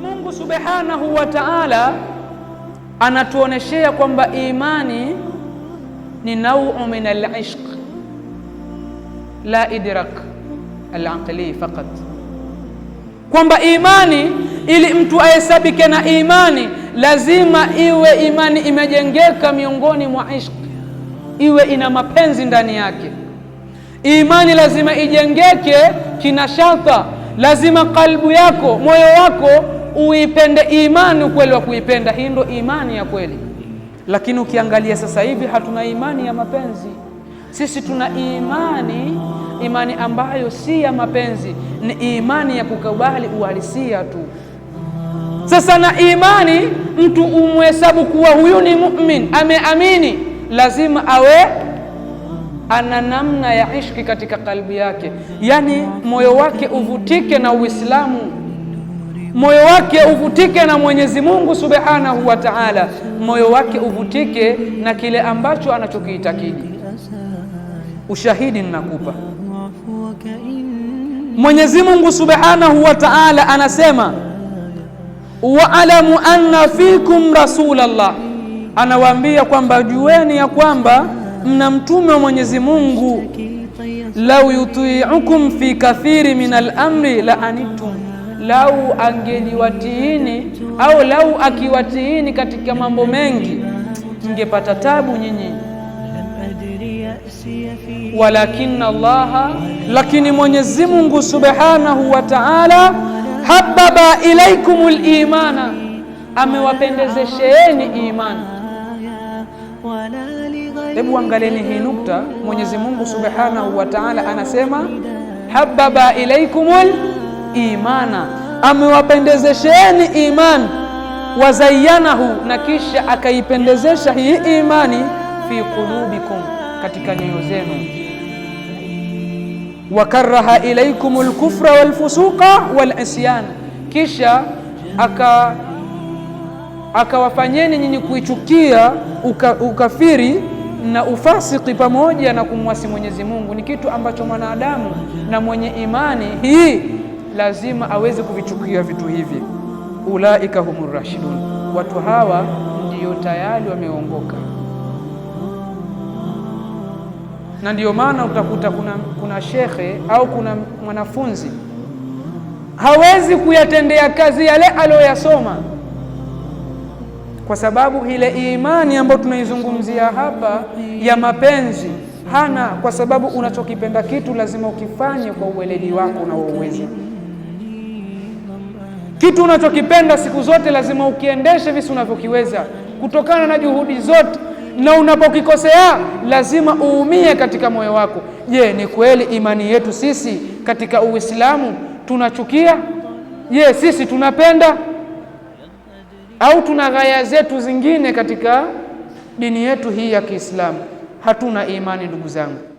Mungu subhanahu wa taala anatuoneshea kwamba imani ni nauu min alishq la idrak alaqli faqat, kwamba imani ili mtu ahesabike na imani lazima iwe imani imejengeka miongoni mwa ishq, iwe ina mapenzi ndani yake. Imani lazima ijengeke kinashata, lazima kalbu yako moyo wako uipende imani, ukweli wa kuipenda. Hii ndo imani ya kweli. Lakini ukiangalia sasa hivi hatuna imani ya mapenzi. Sisi tuna imani, imani ambayo si ya mapenzi, ni imani ya kukubali uhalisia tu. Sasa na imani, mtu umhesabu kuwa huyu ni mumin ameamini, lazima awe ana namna ya ishki katika kalbi yake, yaani moyo wake uvutike na Uislamu, moyo wake uvutike na Mwenyezi Mungu Subhanahu wa Ta'ala, moyo wake uvutike na kile ambacho anachokiitakidi. Ushahidi ninakupa Mwenyezi Mungu Subhanahu wa Ta'ala anasema waalamu anna fikum rasulallah, anawaambia kwamba jueni ya kwamba mna mtume wa Mwenyezi Mungu, lau yutiukum fi kathiri min al-amri la anitum, lau angeliwatiini au lau akiwatiini katika mambo mengi mngepata tabu nyinyi. Walakin Allaha, lakini Mwenyezi Mungu subhanahu wa ta'ala, hababa ilaikumul imana, amewapendezesheeni imani Hebu angalieni hii nukta. Mwenyezi Mungu Subhanahu wa Ta'ala anasema hababa ilaikumul imana, amewapendezesheni imani, wazayanahu, na kisha akaipendezesha hii imani fi qulubikum, katika nyoyo zenu, wakaraha ilaikumul kufra walfusuqa walisyan, kisha aka akawafanyeni nyinyi kuichukia uka, ukafiri na ufasiki pamoja na kumwasi Mwenyezi Mungu ni kitu ambacho mwanadamu na mwenye imani hii lazima aweze kuvichukia vitu hivi. Ulaika humur rashidun, watu hawa ndiyo tayari wameongoka. Na ndiyo maana utakuta kuna, kuna shekhe au kuna mwanafunzi hawezi kuyatendea kazi yale aliyoyasoma kwa sababu ile imani ambayo tunaizungumzia hapa ya mapenzi hana, kwa sababu unachokipenda kitu lazima ukifanye kwa uweledi wako uwezo. Kitu unachokipenda siku zote lazima ukiendeshe visi unavyokiweza kutokana na juhudi zote, na unapokikosea lazima uumie katika moyo wako. Je, ni kweli imani yetu sisi katika Uislamu tunachukia? Je, sisi tunapenda au tuna ghaya zetu zingine katika dini yetu hii ya Kiislamu? Hatuna imani ndugu zangu.